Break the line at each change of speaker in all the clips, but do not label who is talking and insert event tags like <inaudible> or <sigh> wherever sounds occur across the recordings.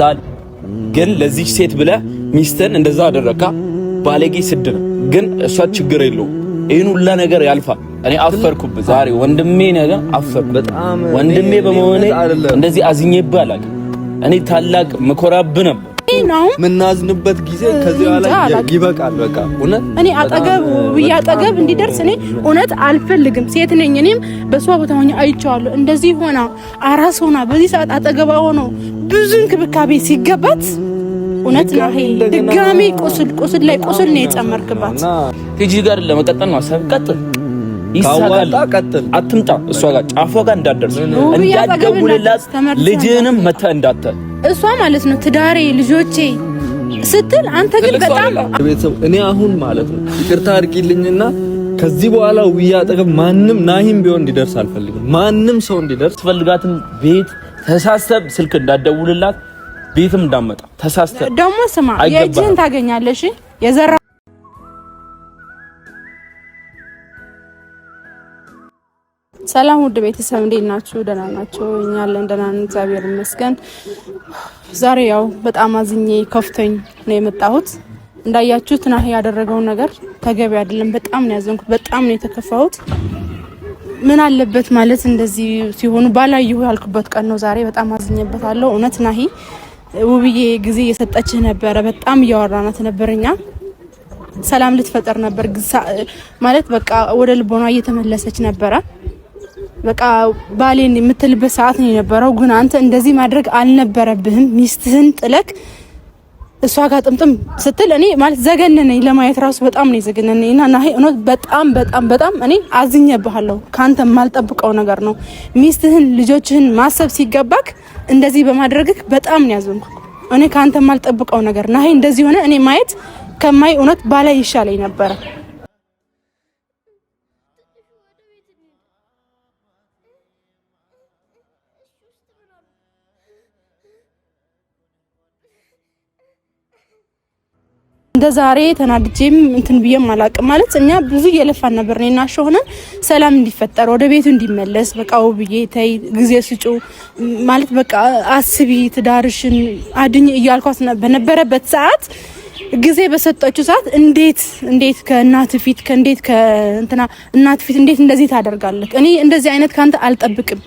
ዛል ግን ለዚህ ሴት ብለ ሚስትን እንደዛ አደረካ ባለጌ ስድ ነው። ግን እሷ ችግር የለው። ይህን ሁላ ነገር ያልፋል። እኔ አፈርኩብ ዛሬ ወንድሜ ነገር አፈርኩ። በጣም ወንድሜ በመሆኔ እንደዚህ አዝኜብህ አላውቅም። እኔ ታላቅ ምኮራብህ ነበር።
ነው የምናዝንበት ጊዜ ከዚህ በኋላ ይበቃል። በቃ እውነት እኔ አጠገብ አጠገብ እንዲደርስ እኔ እውነት አልፈልግም። ሴት ነኝ። እኔም በሷ ቦታ ሆኜ አይቼዋለሁ። እንደዚህ ሆና አራስ ሆና በዚህ ሰዓት አጠገባ ሆኖ ብዙ እንክብካቤ ሲገባት እውነት ነው። ድጋሚ ቁስል ቁስል ላይ ቁስል ነው የጨመርክባት።
ቲጂ ጋር ለመቀጠል ነው አሰብ ቀጥል፣ ይሳካል። አትምጣ እሷ ጋር ጫፏ ጋር እንዳትደርስ እንዳትደውልላት፣ ልጅህንም መተህ እንዳትል
እሷ ማለት ነው ትዳሬ፣ ልጆቼ ስትል አንተ ግን በጣም
ቤተሰብ እኔ አሁን ማለት ነው ይቅርታ አድርጊልኝና ከዚህ በኋላ ውያ አጠገብ ማንም ናሂም ቢሆን እንዲደርስ አልፈልግም። ማንም ሰው እንዲደርስ ፈልጋትም ቤት ተሳስተብ ስልክ እንዳደውልላት ቤትም እንዳመጣ ተሳስተብ
ደግሞ ስማ የእጅህን ታገኛለሽ የዘራ ሰላም ውድ ቤተሰብ እንዴት ናችሁ? ደህና ናቸው። እኛ አለን ደህና ነን፣ እግዚአብሔር ይመስገን። ዛሬ ያው በጣም አዝኜ ከፍቶኝ ነው የመጣሁት። እንዳያችሁት ናሂ ያደረገውን ነገር ተገቢ አይደለም። በጣም ነው ያዘንኩት፣ በጣም ነው የተከፋሁት። ምን አለበት ማለት እንደዚህ ሲሆኑ ባላየሁ ያልኩበት ቀን ነው ዛሬ። በጣም አዝኜበታለሁ። እውነት ናሂ ውብዬ ጊዜ እየሰጠችህ ነበረ። በጣም እያወራናት ነበር እኛ ሰላም ልትፈጠር ነበር ማለት በቃ ወደ ልቦና እየተመለሰች ነበረ። በቃ ባሌን የምትልበት ሰዓት ነው የነበረው። ግን አንተ እንደዚህ ማድረግ አልነበረብህም። ሚስትህን ጥለክ እሷ ጋር ጥምጥም ስትል እኔ ማለት ዘገነነኝ። ለማየት ራሱ በጣም ነው የዘገነነኝ። እና ናሂ እውነት በጣም በጣም በጣም እኔ አዝኜብሃለሁ። ከአንተ የማልጠብቀው ነገር ነው። ሚስትህን ልጆችህን ማሰብ ሲገባክ እንደዚህ በማድረግህ በጣም ነው ያዘንኩ። እኔ ከአንተ የማልጠብቀው ነገር ናሂ እንደዚህ ሆነ እኔ ማየት ከማይ እውነት ባላይ ይሻለኝ ነበረ። እንደ ዛሬ ተናድጄም እንትን ብዬም አላቅም። ማለት እኛ ብዙ እየለፋን ነበር እኔና እሺ ሆነን ሰላም እንዲፈጠር ወደ ቤቱ እንዲመለስ በቃ ውብዬ ተይ ጊዜ ስጩ ማለት በቃ አስቢ ትዳርሽን አድኝ እያልኳት በነበረበት ሰዓት ጊዜ በሰጠችው ሰዓት እንዴት እንዴት ከእናት ፊት ከእንዴት ከእንትና እናት ፊት እንዴት እንደዚህ ታደርጋለህ? እኔ እንደዚህ አይነት ካንተ አልጠብቅም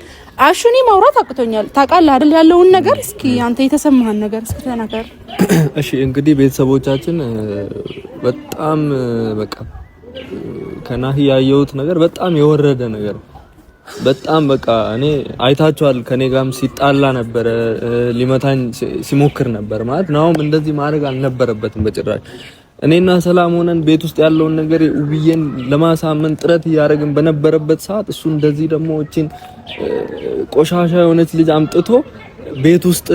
አሹኒ ማውራት አቅቶኛል። ታውቃለህ አይደል? ያለውን ነገር እስኪ አንተ የተሰማህን ነገር እስኪ ተናገር። <clears throat>
እሺ እንግዲህ ቤተሰቦቻችን በጣም በቃ ከናሂ ያየሁት ነገር በጣም የወረደ ነገር በጣም በቃ እኔ አይታችኋል። ከኔ ጋርም ሲጣላ ነበረ፣ ሊመታኝ ሲሞክር ነበር ማለት ነውም እንደዚህ ማድረግ አልነበረበትም በጭራሽ እኔና ሰላም ሆነን ቤት ውስጥ ያለውን ነገር ውብዬን ለማሳመን ጥረት እያደረግን በነበረበት ሰዓት እሱ እንደዚህ ደግሞ እቺን ቆሻሻ የሆነች ልጅ አምጥቶ ቤት ውስጥ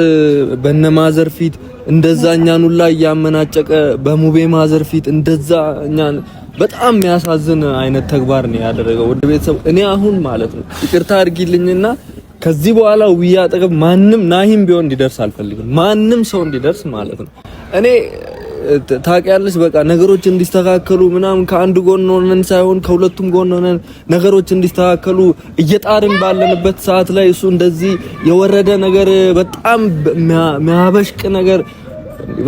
በነማዘር ፊት እንደዛ እኛን ሁላ እያመናጨቀ በሙቤ ማዘር ፊት እንደዛ እኛን በጣም የሚያሳዝን አይነት ተግባር ነው ያደረገው። ወደ ቤተሰብ እኔ አሁን ማለት ነው ይቅርታ አድርጊልኝና ከዚህ በኋላ ውብዬ አጠገብ ማንም ናሂም ቢሆን እንዲደርስ አልፈልግም። ማንም ሰው እንዲደርስ ማለት ነው እኔ ታውቂያለሽ፣ በቃ ነገሮች እንዲስተካከሉ ምናምን ከአንድ ጎን ሆነን ሳይሆን ከሁለቱም ጎን ሆነን ነገሮች እንዲስተካከሉ እየጣርን ባለንበት ሰዓት ላይ እሱ እንደዚህ የወረደ ነገር በጣም ሚያበሽቅ ነገር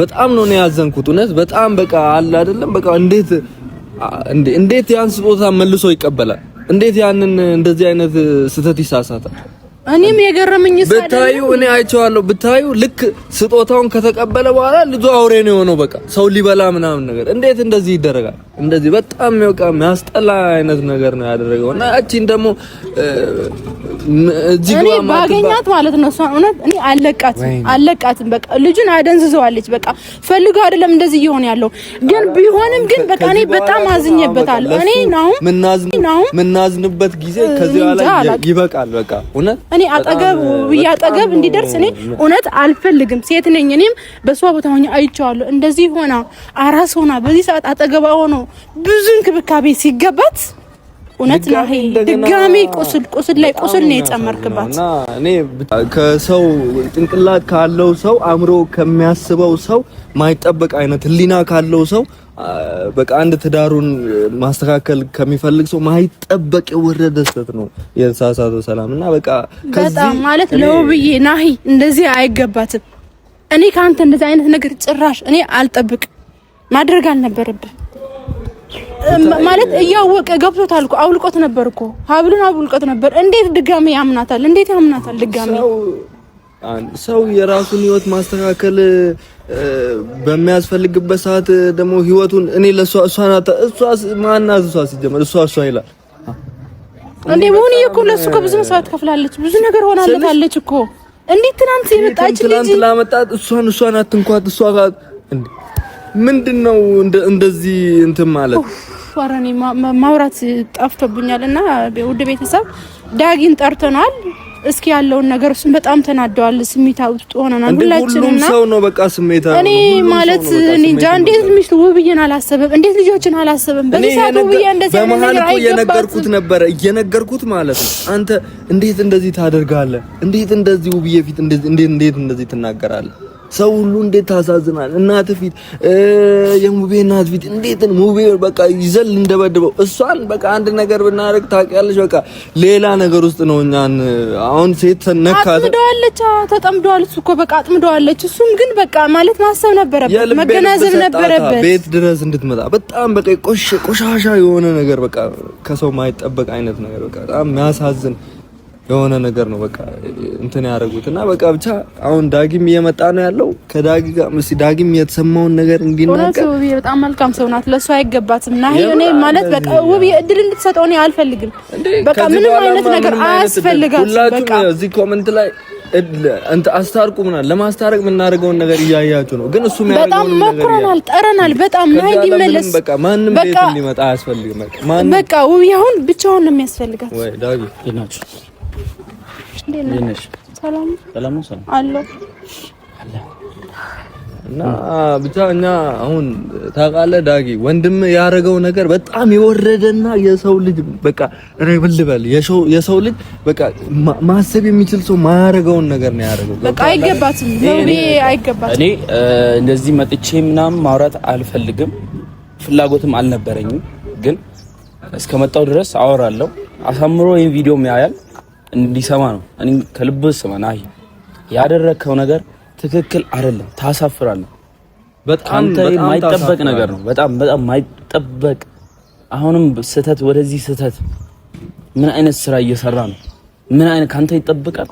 በጣም ነው ያዘንኩት። እውነት በጣም በቃ አለ አይደለም በቃ እንዴት እንዴት ያን ስጦታ መልሶ ይቀበላል? እንዴት ያንን እንደዚህ አይነት ስህተት ይሳሳታል?
እኔም የገረመኝ
ብታዩ እኔ አይቼዋለሁ። ብታዩ ልክ ስጦታውን ከተቀበለ በኋላ ልጁ አውሬ ነው የሆነው። በቃ ሰው ሊበላ ምናምን ነገር እንዴት እንደዚህ ይደረጋል? እንደዚህ በጣም የሚያውቃ የሚያስጠላ አይነት ነገር ነው ያደረገው። እና እቺን ደግሞ እዚህ
ባገኛት ማለት ነው እሷን እውነት እኔ አለቃትም አለቃትም። በቃ ልጁን አደንዝዘዋለች። በቃ ፈልገው አይደለም እንደዚህ እየሆነ ያለው ግን ቢሆንም ግን በቃ እኔ በጣም አዝኜበታለሁ። እኔ ነው
ምናዝንበት ጊዜ ከዚህ በኋላ ይበቃል። በቃ
እውነት እኔ አጠገብ እያጠገብ እንዲደርስ እኔ እውነት አልፈልግም። ሴት ነኝ እኔም በሷ ቦታ ሆኜ አይቼዋለሁ። እንደዚህ ሆና አራስ ሆና በዚህ ሰዓት አጠገባ ሆኖ ብዙ እንክብካቤ ሲገባት እውነት ና ድጋሜ ቁስል ቁስል ላይ ቁስል ነው የጨመርክባት።
እኔ ከሰው ጭንቅላት ካለው ሰው አእምሮ ከሚያስበው ሰው ማይጠበቅ አይነት ሕሊና ካለው ሰው በቃ አንድ ትዳሩን ማስተካከል ከሚፈልግ ሰው ማይጠበቅ የወረደ ስህተት ነው የተሳሳተው ሰላም እና በቃ
በጣም ማለት ለውብዬ ናሂ እንደዚህ አይገባትም። እኔ ከአንተ እንደዚህ አይነት ነገር ጭራሽ እኔ አልጠብቅ ማድረግ አልነበረብህ ማለት እያወቀ ገብቶታል እኮ አውልቆት ነበር እኮ ሀብሉን አውልቆት ነበር። እንዴት ድጋሚ ያምናታል? እንዴት ያምናታል ድጋሚ?
ሰው የራሱን ህይወት ማስተካከል በሚያስፈልግበት ሰዓት ደግሞ ህይወቱን እኔ ለሷ እሷ ናት እሷ ማና እሷ ሲጀመር እሷ እሷ ይላል
እንዴ መሆን እኮ ለሱ ከብዙ ብዙ መስዋዕት ከፍላለች፣ ብዙ ነገር ሆናለታለች እኮ እንዴት ትናንት የመጣች ልጅ
ትናንት ላመጣት እሷን እሷ ናት እንኳን እሷ ጋር ምንድን ነው እንደዚህ እንትን ማለት?
ኧረ እኔ ማውራት ጠፍቶብኛል። እና ውድ ቤተሰብ ዳጊን ጠርተነዋል። እስኪ ያለውን ነገር እሱን በጣም ተናደዋል። ስሜታ ውስጥ ሆነናል
ሁላችንም። ሰው ነው በቃ ስሜታ።
እኔ ማለት እኔ እንጃ እንዴት ምሽት ውብዬን አላሰበም? እንዴት ልጆችን አላሰበም? በዚህ ሰዓት ውብዬ እንደዚህ
አይነት ነገር አይገባትም። እየነገርኩት ነበረ እየነገርኩት ማለት ነው። አንተ እንዴት እንደዚህ ታደርጋለህ? እንዴት እንደዚህ ውብዬ ፊት እንዴት እንዴት እንደዚህ ትናገራለህ? ሰው ሁሉ እንዴት ታሳዝናል! እናት ፊት የሙቤ እናት ፊት እንዴት ሙቤ በቃ ይዘል እንደበድበው እሷን በቃ አንድ ነገር ብናደርግ ታውቂያለሽ፣ በቃ ሌላ ነገር ውስጥ ነው እኛን አሁን ሴት ተነካ
አጥምደዋለች፣ ተጠምደዋል። እሱ እኮ በቃ አጥምደዋለች። እሱም ግን በቃ ማለት ማሰብ ነበረበት፣
መገናዘብ ነበረበት፣ ቤት ድረስ እንድትመጣ በጣም በቃ ቆሻሻ የሆነ ነገር በቃ ከሰው ማይጠበቅ አይነት ነገር በቃ በጣም የሚያሳዝን የሆነ ነገር ነው በቃ እንትን ያደረጉት እና በቃ ብቻ አሁን ዳጊም እየመጣ ነው ያለው። ከዳጊ ጋር እስኪ ዳጊም የተሰማውን ነገር
እንዲናገር። ውብዬ በጣም መልካም ሰው ናት፣ ለእሱ አይገባትም። ና እኔ ማለት በቃ ውብዬ እድል እንድትሰጠው እኔ አልፈልግም። በቃ ምንም አይነት ነገር አያስፈልጋትም።
በቃ እዚህ ኮመንት ላይ እንት አስታርቁ ምናምን ለማስታረቅ የምናደርገውን ነገር እያያችሁ ነው። ግን እሱ
በጣም መኩረናል፣ ጠረናል። በጣም ናይ እንዲመለስ
በቃ ማንም ቤት እንዲመጣ አያስፈልግም።
በቃ ውብዬ አሁን ብቻውን ነው የሚያስፈልጋት።
እና ብቻ እኛ አሁን ታውቃለህ ዳጊ ወንድም ያደረገው ነገር በጣም የወረደና የሰው ልጅ በቃ ምን ልበል የሰው ልጅ በቃ ማሰብ የሚችል ሰው ማያደርገውን ነገር ነው ያደረገው።
በቃ አይገባትም፣ አይገባትም።
እኔ እንደዚህ መጥቼ ምናምን ማውራት አልፈልግም፣ ፍላጎትም አልነበረኝም። ግን እስከመጣው ድረስ አወራለሁ። አሳምሮ ይሄን ቪዲዮም ያያል እንዲሰማ ነው። እኔ ከልብ ስማ ናይ ያደረከው ነገር ትክክል አይደለም። ታሳፍራለህ። በጣም የማይጠበቅ ነገር ነው። በጣም በጣም የማይጠበቅ አሁንም ስህተት ወደዚህ ስህተት። ምን አይነት ስራ እየሰራ ነው? ምን አይነት ካንተ ይጠብቃል?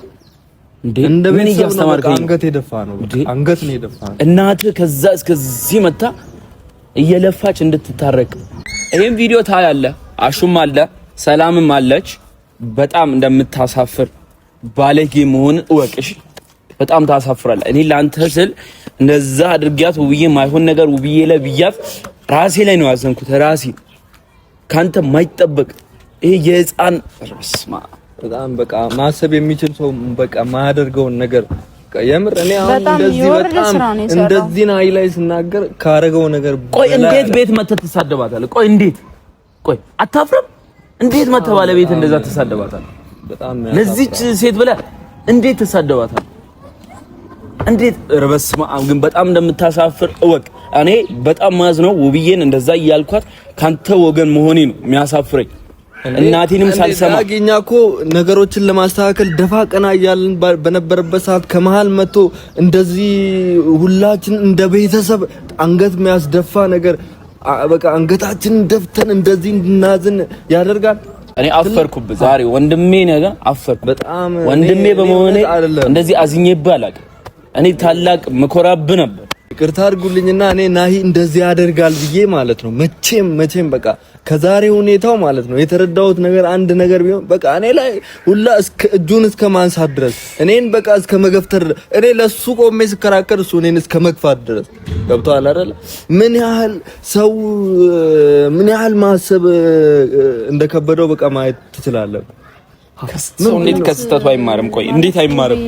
እንደ ምን እያስተማርከኝ አንገት የደፋ ነው። አንገት ነው የደፋ እናት ከዛ እስከዚህ መታ እየለፋች እንድትታረቅ ይሄን ቪዲዮ ታያለህ። አሹም አለ ሰላምም አለች። በጣም እንደምታሳፍር ባለጌ መሆን እወቅሽ። በጣም ታሳፍራለህ። እኔ ለአንተ ስል እንደዛ አድርጊያት ውብዬ፣ ማይሆን ነገር ውብዬ ላይ ራሴ ላይ ነው ያዘንኩት። ራሴ ከአንተ ማይጠበቅ ይሄ የህፃን ስማ፣ በጣም በቃ ማሰብ የሚችል ሰው በቃ ማያደርገውን ነገር የምር እኔ
አሁን እንደዚህ በጣም
እንደዚህ ናይ ላይ ስናገር ካረገው ነገር ቆይ፣ እንዴት ቤት መተህ ትሳደባታለህ? ቆይ እንዴት ቆይ፣ አታፍርም? እንዴት መተባለ ባለቤት እንደዛ ተሳደባታል? ለዚች ሴት ብለህ እንዴት ተሳደባታል? እንዴት ረበስ ማም ግን በጣም እንደምታሳፍር እወቅ። እኔ በጣም ማዝ ነው ውብዬን እንደዛ እያልኳት ካንተ ወገን መሆኔ ነው የሚያሳፍረኝ። እናቴንም ሳልሰማ እኛ እኮ ነገሮችን ለማስተካከል ደፋ ቀና እያልን በነበረበት ሰዓት ከመሃል መጥቶ እንደዚህ ሁላችን እንደ ቤተሰብ አንገት የሚያስደፋ ነገር በቃ አንገታችን ደፍተን እንደዚህ እንድናዝን ያደርጋል። እኔ አፈርኩብ ዛሬ ወንድሜ ነገ አፈርኩ። በጣም ወንድሜ በመሆኔ እንደዚህ አዝኜብህ አላውቅም። እኔ ታላቅ መኮራብህ ነበር ይቅርታ አድርጉልኝና እኔ ናሂ እንደዚህ ያደርጋል ብዬ ማለት ነው መቼም መቼም በቃ ከዛሬ ሁኔታው ማለት ነው የተረዳሁት ነገር አንድ ነገር ቢሆን በቃ እኔ ላይ ሁላ እጁን እስከ ማንሳት ድረስ እኔን በቃ እስከ መገፍተር እኔ ለሱ ቆሜ ስከራከር እሱ እኔን እስከ መግፋት ድረስ ገብቶሃል አይደለ? ምን ያህል ሰው ምን ያህል ማሰብ እንደከበደው በቃ ማየት ትችላለህ። ሰው እንዴት ከስተቱ አይማርም? ቆይ እንዴት አይማርም?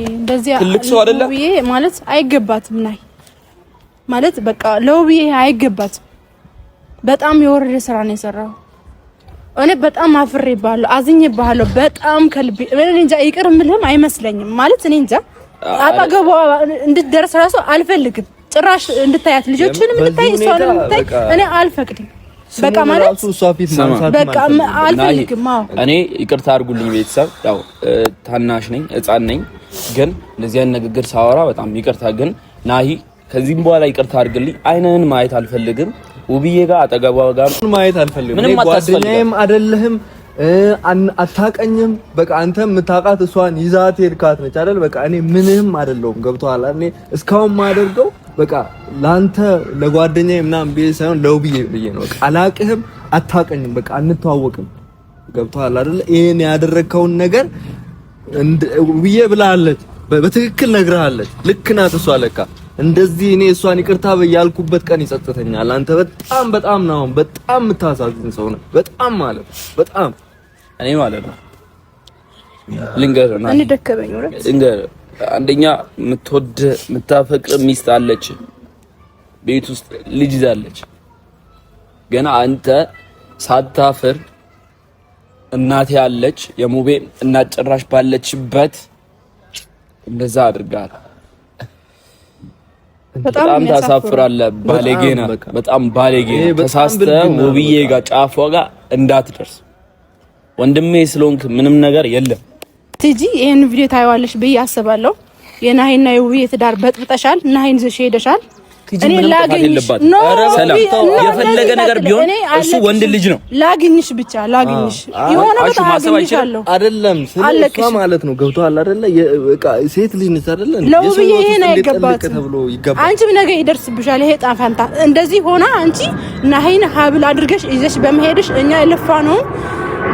ትልቅ ሰው አይደለም ማለት አይገባትም ናይ ማለት በቃ ለውብ አይገባት። በጣም የወረደ ስራ ነው የሰራው። እኔ በጣም አፍሬ አዝኝ አዝኜብሃለሁ። በጣም ከልቤ እኔ እንጃ ይቅር ምልህም አይመስለኝም። ማለት እኔ እንጃ አጠገቧ እንድትደርስ ራሱ አልፈልግም። ጭራሽ እንድታያት ልጆችንም እንድታይ እሷንም እንድታይ እኔ አልፈቅድም።
በቃ ማለት እሷ ፊት
በቃ አልፈልግም። አዎ
እኔ ይቅርታ አድርጉልኝ ቤተሰብ፣ ያው ታናሽ ነኝ፣ ህፃን ነኝ። ግን እንደዚህ አይነት ንግግር ሳወራ በጣም ይቅርታ ግን ናሂ ከዚህም በኋላ ይቅርታ አድርግልኝ። አይነን ማየት አልፈልግም። ውብዬ ጋር አጠገቧ ጋር ማየት አልፈልግም። ምንም ጓደኛዬም አይደለህም፣ አታቀኝም። በቃ አንተ የምታውቃት እሷን ይዛት ሄድካት ነች አይደል? በቃ እኔ ምንም አይደለሁም። ገብቶሃል? እኔ እስካሁን ማደርገው በቃ ለአንተ ለጓደኛዬ ምናምን ብዬ ሳይሆን ለውብዬ ብዬ ነው። በቃ አላቅህም፣ አታቀኝም፣ በቃ አንተዋወቅም። ገብቶሃል አይደል? ይሄን ያደረግከውን ነገር ውብዬ ብላለች፣ በትክክል ነግራለች። ልክ ናት እሷ ለካ እንደዚህ እኔ እሷን ይቅርታ በያልኩበት ቀን ይጸጥተኛል። አንተ በጣም በጣም ነው በጣም የምታሳዝን ሰው ነው። በጣም ማለት በጣም እኔ ማለት ነው ልንገርህ
ደከበኝ ወራት
ልንገርህ፣ አንደኛ የምትወድ የምታፈቅር ሚስት አለች፣ ቤት ውስጥ ልጅ ይዛለች። ገና አንተ ሳታፍር እናቴ አለች የሙቤ እናት ጭራሽ ባለችበት እንደዛ አድርጋለህ። በጣም ታሳፍራለህ። ባለጌ ነህ። በጣም ባለጌ ነህ። ተሳስተህ ውብዬ ጋር ጫፏ ጋር እንዳትደርስ ወንድሜ ስለሆንክ ምንም ነገር የለም።
ትጂ ይህን ቪዲዮ ታየዋለሽ ብዬ አስባለሁ። የናሂና የውብዬ ትዳር በጥብጠሻል። ናሂን ይዘሽ ሄደሻል። እኔ ላገኝሽ
የፈለገ ነገር ቢሆን እሱ ወንድ ልጅ ነው።
ላግኝሽ ብቻ ላግኝሽ የሆነ ቦታ
አገኝሻለሁ። አይደለም ስለሷ ማለት ነው። ገብቶሃል አይደለ? ሴት ልጅ ነች አይደለ?
ለውብዬ ይሄን አይገባትም። አንቺም ነገ ይደርስብሻል ይሄ ጣፋንታ። እንደዚህ ሆና አንቺ ናሂን ሀብል አድርገሽ ይዘሽ በመሄድሽ እኛ የለፋ ነው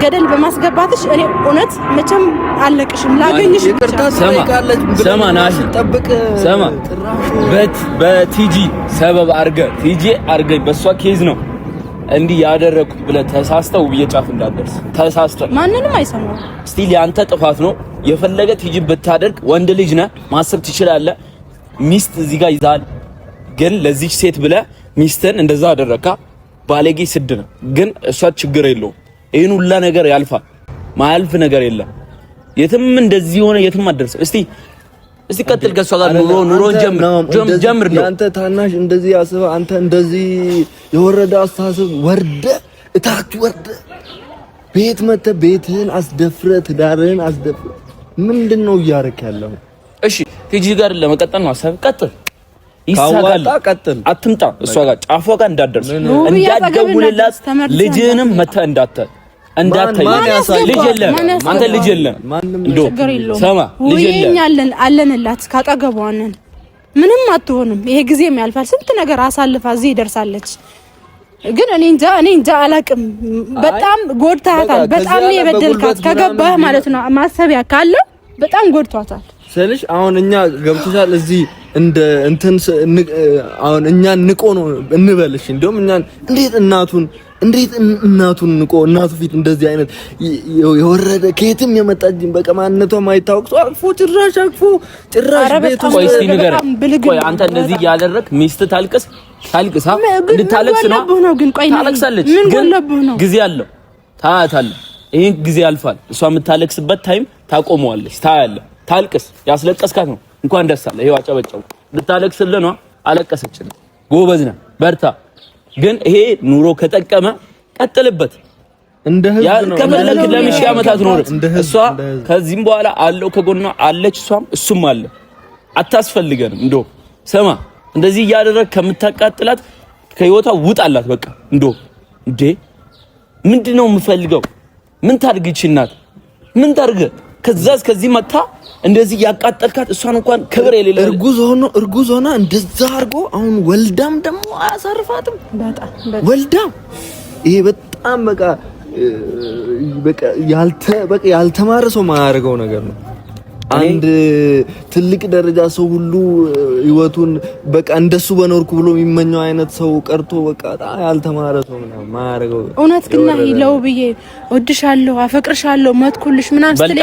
ገደል በማስገባትሽ እኔ እውነት መቼም አለቅሽም። ላገኝሽ
ብቻ ሰማ ሰማ ናሽ ሰማ በት በቲጂ ሰበብ አርገ ቲጂ አርገ በሷ ኬዝ ነው እንዲህ ያደረኩት ብለ ተሳስተው ብየጫፍ እንዳደርስ ተሳስተ
ማንንም አይሰማው።
ስቲል ያንተ ጥፋት ነው። የፈለገ ቲጂ ብታደርግ ወንድ ልጅ ነህ፣ ማሰብ ትችላለህ። ሚስት እዚህ ጋር ይዛል። ግን ለዚች ሴት ብለ ሚስትን እንደዛ አደረካ ባለጌ ስድ ነው። ግን እሷ ችግር የለውም ይህን ሁላ ነገር ያልፋል። ማያልፍ ነገር የለም። የትም እንደዚህ ሆነ የትም አደርሰው። እስቲ እስቲ ቀጥል፣ ከሷ ጋር ኑሮ ኑሮ ጀምር ጀምር። ነው አንተ ታናሽ እንደዚህ አስበህ አንተ እንደዚህ የወረደ አስተሳሰብ ወርደ እታች ወርደ ቤት መተ ቤትህን አስደፍረ ትዳርህን አስደፍረ ምንድን ነው እያደረክ ያለው? እሺ ሂጂ ጋር ለመቀጠል ነው ሀሳብ። ቀጥል፣ ይሳካል። ቀጥል፣ አትምጣ እሷ ጋር ጫፏ ጋር እንዳደርስ እንዳትደውልላት ልጅህንም መተህ እንዳትል እንዳታይ ልጅ የለም አንተ ልጅ የለም እንደው ሰማ
ልጅ የለም አለንላት ካጠገቧንን ምንም አትሆንም ይሄ ጊዜም ያልፋል ስንት ነገር አሳልፋ እዚህ ይደርሳለች ግን እኔ እንጃ እኔ እንጃ አላቅም በጣም ጎድታታል በጣም ነው የበደልካት ከገባህ ማለት ነው ማሰቢያ ካለ በጣም ጎድቷታል
ስልሽ አሁን እኛ ገብቶሻል እዚህ እንደ እንትን አሁን እኛ ንቆ ነው እንበልሽ እንደውም እኛ እንዴት እናቱን እንዴት እናቱን ንቆ እናቱ ፊት እንደዚህ አይነት የወረደ ከየትም የመጣ በቃ ማንነቷ ማይታወቅ ሰው አቅፎ ጭራሽ አቅፎ ጭራሽ ቤቱ ቆይ፣ እስቲ ንገረኝ። ቆይ አንተ እንደዚህ እያደረግ ሚስት ታልቅስ ታልቅስ እንድታለቅስ ነው። ነው ግን ቆይ ታለቅሳለች፣ ግን ጊዜ አለው። ታያታለህ፣ ይሄን ጊዜ ያልፋል። እሷ የምታለቅስበት ታይም ታቆመዋለች። ታያለ። ታልቅስ። ያስለቀስካት ነው። እንኳን ደስ አለ። ይሄው አጨበጨው። እንድታለቅስልህ ነው። አለቀሰችልህ። ጎበዝ ነህ፣ በርታ ግን ይሄ ኑሮ ከጠቀመ ቀጥልበት። ከፈለክ ለምን ሺህ ዓመታት ኖር። እሷ ከዚህም በኋላ አለው ከጎኗ አለች፣ እሷም እሱም አለ። አታስፈልገንም። እንዶ ስማ፣ እንደዚህ እያደረግ ከምታቃጥላት ከህይወቷ ውጥ አላት። በቃ እንዶ እንዴ ምንድነው የምፈልገው? ምን ታድርግ? ይችናት ምን ታድርግ? ከዛስ ከዚህ መታ እንደዚህ ያቃጠልካት እሷን እንኳን ክብር የሌለ እርጉዝ ሆኖ እርጉዝ ሆና እንደዛ አድርጎ አሁን ወልዳም ደግሞ አያሳርፋትም። ወልዳም ይሄ በጣም በቃ በቃ ያልተማረ ሰው ማያደርገው ነገር ነው። አንድ ትልቅ ደረጃ ሰው ሁሉ ህይወቱን በቃ እንደሱ በኖርኩ ብሎ የሚመኘው አይነት ሰው ቀርቶ በቃ ያልተማረ ሰው ምናምን ማያደርገው
እውነት ግና ለው ብዬ ወድሻለሁ፣ አፈቅርሻለሁ፣ መትኩልሽ ምናምን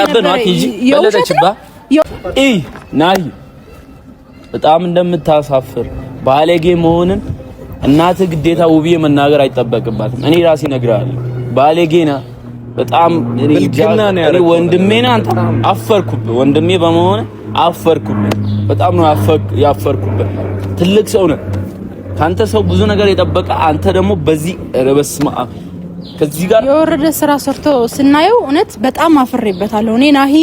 ናይ በጣም እንደምታሳፍር ባለጌ መሆንን እናትህ ግዴታ ውብዬ መናገር አይጠበቅባትም። እኔ ራሴ እነግርሃለሁ ባለጌ ነህ በጣም ወንድሜን አንተ አፈርኩብህ። ወንድሜ በመሆነ አፈርኩብህ። በጣም ነው ያፈርኩብህ። ትልቅ ሰው ነህ። ካንተ ሰው ብዙ ነገር የጠበቀ አንተ ደግሞ በዚህ ረበስማ
ከዚህ ጋር የወረደ ስራ ሰርቶ ስናየው እውነት በጣም አፍሬበታለሁ። እኔ ናሂ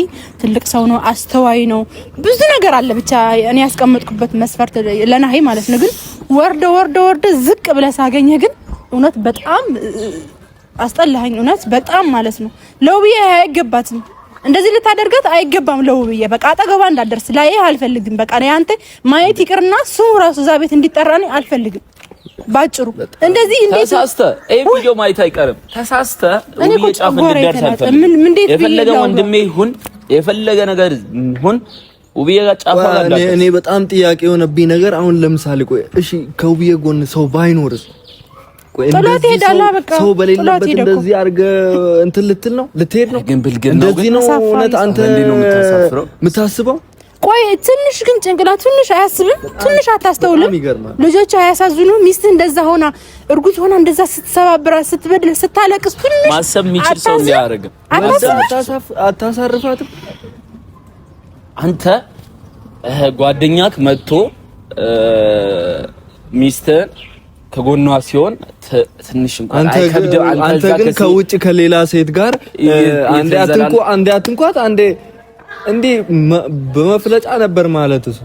ትልቅ ሰው ነው፣ አስተዋይ ነው፣ ብዙ ነገር አለ። ብቻ እኔ ያስቀመጥኩበት መስፈርት ለናሂ ማለት ነው። ግን ወርደ ወርደ ወርደ ዝቅ ብለህ ሳገኘህ ግን እውነት በጣም አስጠላኸኝ፣ እውነት በጣም ማለት ነው። ለውብዬ አይገባትም፣ እንደዚህ ልታደርጋት አይገባም። ለውብዬ በቃ አጠገቧ እንዳደርስ ላይ አልፈልግም። በቃ ነው አንተ ማየት ይቅርና ስሙ ራሱ እዛ ቤት እንዲጠራ እኔ አልፈልግም። ባጭሩ እንደዚህ
እንዴት ተሳስተ ይሄ ቪዲዮ ማየት አይቀርም። ተሳስተ እኔ ጫፍ እንድትደርስ ምን ምን እንዴት የፈለገ ወንድሜ ይሁን የፈለገ ነገር ይሁን ውብዬ ጋር ጫፋ ጋር እኔ በጣም ጥያቄ የሆነብኝ ነገር አሁን ለምሳሌ ቆይ እሺ ከውብዬ ጎን ሰው ባይኖርስ ጥላት ሄዳላ። በቃ ሰው በሌለበት እንደዚህ አድርገህ እንትን ልትል ነው ልትሄድ ነው። ግን ብልግና እንደዚህ ነው። እውነት አንተ የምታስበው
ቆይ ትንሽ ግን ጭንቅላት ትንሽ አያስብም? ትንሽ አታስተውልም? ልጆች አያሳዝኑ? ሚስት እንደዛ ሆና እርጉዝ ሆና እንደዛ ስትሰባብራ፣ ስትበድል፣ ስታለቅስ ትንሽ
ማሰብ የሚችል ሰው እንዲያደርግ አታሳርፋትም? አንተ ጓደኛክ መጥቶ ሚስትህን ከጎኗ ሲሆን ትንሽ እንኳን አንተ ግን ከውጭ ከሌላ ሴት ጋር አንዴ አትንኩ አንዴ አትንኳት አንዴ እንዲህ በመፍለጫ ነበር ማለት እሱ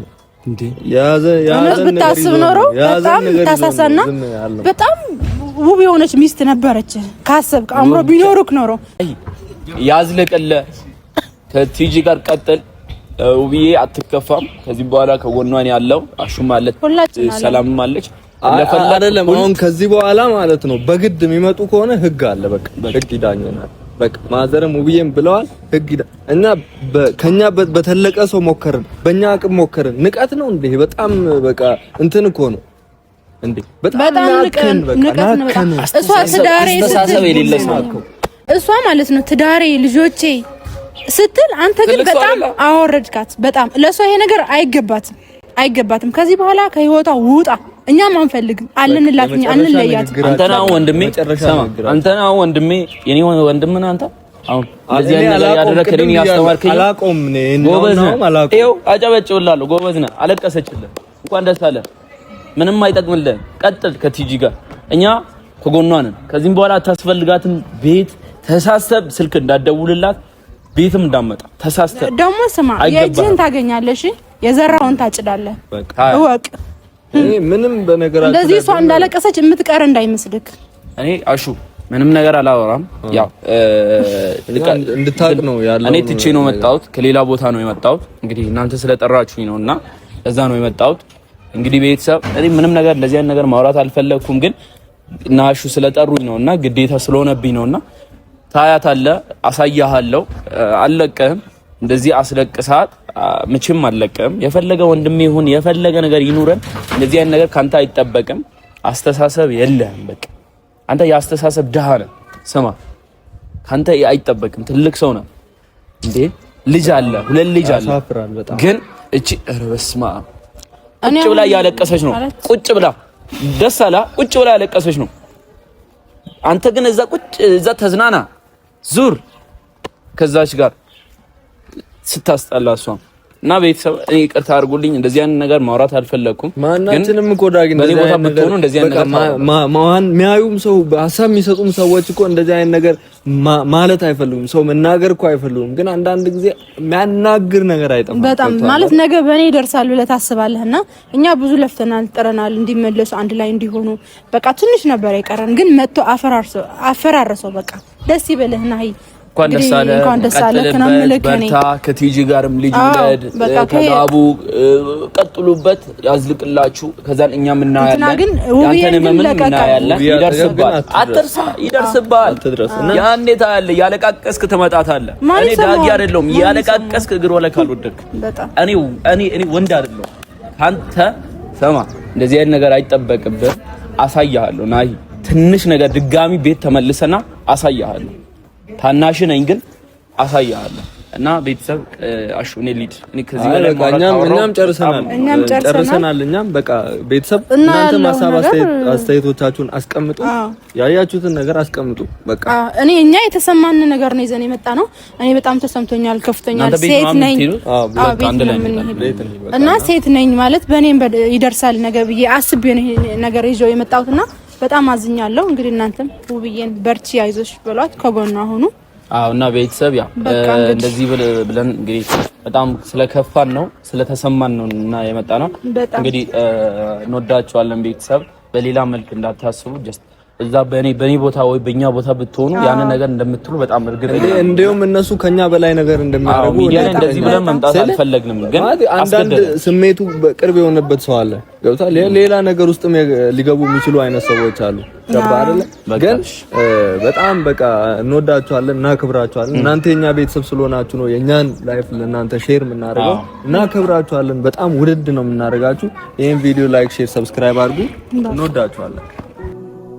እንዴ ያዘ
ያዘ ብታስብ ኖሮ በጣም ታሳሳና በጣም ውብ የሆነች ሚስት ነበረች። ካሰብ አእምሮ ቢኖርክ ኖሮ
ያዝ ለቀለ ከቲጂ ጋር ቀጥል። ውብዬ አትከፋም። ከዚህ በኋላ ከጎኗን ያለው አሹም አለች፣ ሰላምም አለች። አይደለም አሁን ከዚህ በኋላ ማለት ነው በግድ የሚመጡ ከሆነ ህግ አለ። በቃ ህግ ይዳኘናል። በቃ ማዘርም ውብዬም ብለዋል። ህግ እና ከኛ በተለቀ ሰው ሞከርን፣ በእኛ አቅም ሞከርን። ንቀት ነው እንዴ? በጣም በቃ እንትን እኮ ነው እንዴ? በጣም
ንቀት ነው። እሷ ትዳሬ እሷ ማለት ነው ትዳሬ ልጆቼ ስትል አንተ ግን በጣም አወረድካት። በጣም ለእሷ ይሄ ነገር አይገባትም፣ አይገባትም። ከዚህ በኋላ ከህይወቷ ውጣ እኛም አንፈልግም። አለንላት፣ አንለያት።
አንተና ወንድሜ አንተና ወንድሜ የኔ ወንድም ነህ አንተ። ጎበዝ ነህ። ይኸው እንኳን ደስ አለህ። ምንም አይጠቅምልህም። ቀጥል ከቲጂ ጋር እኛ ከጎኗ ነን። ከዚህም በኋላ አታስፈልጋትም። ቤት ተሳሰብ፣ ስልክ እንዳደውልላት፣ ቤትም እንዳመጣ ተሳሰብ።
ደግሞ ስማ፣ የእጅህን ታገኛለሽ፣ የዘራውን ታጭዳለህ።
እወቅ ምንም በነገር
እንደዚህ እሷ እንዳለቀሰች የምትቀር እንዳይመስልክ።
እኔ አሹ ምንም ነገር አላወራም። ያው እንድታቅ ነው ያለው። እኔ ትቼ ነው የመጣሁት፣ ከሌላ ቦታ ነው የመጣሁት። እንግዲህ እናንተ ስለጠራችሁኝ ነው እና እዛ ነው የመጣሁት። እንግዲህ ቤተሰብ እኔ ምንም ነገር እንደዚህ አይነት ነገር ማውራት አልፈለኩም፣ ግን ናሹ ስለጠሩኝ ነው እና ግዴታ ስለሆነብኝ ነው እና ታያት አለ አሳያሃለሁ፣ አለቀህም እንደዚህ አስለቅሳት ምችም አለቀም። የፈለገ ወንድም ይሁን የፈለገ ነገር ይኑረን፣ እንደዚህ አይነት ነገር ካንተ አይጠበቅም። አስተሳሰብ የለህም። በቃ አንተ የአስተሳሰብ ድሃ ነህ። ስማ፣ ካንተ አይጠበቅም። ትልቅ ሰው ነህ እንዴ! ልጅ አለ፣ ሁለት ልጅ አለ። ግን እቺ ረበስማ ቁጭ ብላ እያለቀሰች ነው። ቁጭ ብላ ደስ አላ፣ ቁጭ ብላ ያለቀሰች ነው። አንተ ግን እዛ ቁጭ እዛ ተዝናና፣ ዙር ከዛች ጋር ስታስጠላ እሷ እና ቤተሰብ እኔ ይቅርታ አድርጉልኝ። እንደዚህ አይነት ነገር ማውራት አልፈለግኩም። ማናችንም እኮ ዳጊ በእኔ ቦታ የምትሆኑ እንደዚህ አይነት ነገር የሚያዩም ሰው ሀሳብ የሚሰጡም ሰዎች እኮ እንደዚህ አይነት ነገር ማለት አይፈልጉም። ሰው መናገር እኮ አይፈልጉም፣ ግን አንዳንድ ጊዜ የሚያናግር ነገር አይጠፋም።
በጣም ማለት ነገ በእኔ ይደርሳል ብለህ ታስባለህ። እና እኛ ብዙ ለፍተናል፣ ጥረናል እንዲመለሱ አንድ ላይ እንዲሆኑ። በቃ ትንሽ ነበር የቀረን፣ ግን መጥቶ አፈራርሰው አፈራርሰው። በቃ ደስ ይበልህና
እንኳን ደስ አለ በርታ። ከቲጂ ጋርም ልጅ ውለድ፣ ከጋቡ ቀጥሉበት፣ ያዝልቅላችሁ። ከዛን እኛም እናያለን፣ እናያለን። ይደርስባል፣ አትርሳ፣ ይደርስባል። ያኔ ታያለህ። ያለቃቀስክ ትመጣታለህ። እኔ ዳጊ አይደለሁም። ያለቃቀስክ እግር ወለ ካልወደድክ እኔ እኔ እኔ ወንድ አይደለሁም። አንተ ሰማ፣ እንደዚህ አይነት ነገር አይጠበቅብህ። አሳያለሁ። ትንሽ ነገር ድጋሚ ቤት ተመልሰና አሳያለሁ። ታናሽ ነኝ ግን አሳያለሁ። እና ቤተሰብ አሹ እኔ ሊድ እኔ ከዚህ በላይ እኛም ጨርሰናል፣ እኛም ጨርሰናል። እኛም በቃ ቤተሰብ እናንተ ሀሳብ አስተያየቶቻችሁን አስቀምጡ፣ ያያችሁትን ነገር አስቀምጡ። በቃ
እኔ እኛ የተሰማን ነገር ነው ይዘን የመጣ ነው። እኔ በጣም ተሰምቶኛል፣ ከፍቶኛል። ሴት ነኝ እና ሴት ነኝ ማለት በእኔም ይደርሳል ነገ ብዬ አስቤ ነገር ይዤው የመጣሁትና በጣም አዝኛለሁ። እንግዲህ እናንተም ውብዬን በርቺ፣ አይዞሽ ብሏት ከጎኗ ሆኑ።
አዎ እና ቤተሰብ ያ እንደዚህ ብለን እንግዲህ በጣም ስለከፋን ነው ስለተሰማን ነው እና የመጣ ነው። እንግዲህ እንወዳቸዋለን ቤተሰብ፣ በሌላ መልክ እንዳታስቡ ጀስት እዛ በእኔ በእኔ ቦታ ወይ በእኛ ቦታ ብትሆኑ ያንን ነገር እንደምትሉ በጣም እርግጠኛ ነኝ። እንዲሁም እነሱ ከኛ በላይ ነገር እንደሚያደርጉ ሚዲያ ላይ እንደዚህ ብለን መምጣት አልፈለግንም፣ ግን አንዳንድ ስሜቱ በቅርብ የሆነበት ሰው አለ። ገብቶሃል? ሌላ ነገር ውስጥም ሊገቡ የሚችሉ አይነት ሰዎች አሉ። ገባ አይደለ? ግን በጣም በቃ እንወዳችኋለን፣ እናከብራችኋለን። እናንተ የኛ ቤተሰብ ስለሆናችሁ ነው የእኛን ላይፍ ለእናንተ ሼር የምናደርገው። እናከብራችኋለን። በጣም ውድድ ነው የምናደርጋችሁ። ይህን ቪዲዮ ላይክ፣ ሼር፣ ሰብስክራይብ አድርጉ። እንወዳችኋለን።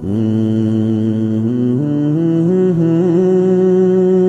Mm-hmm.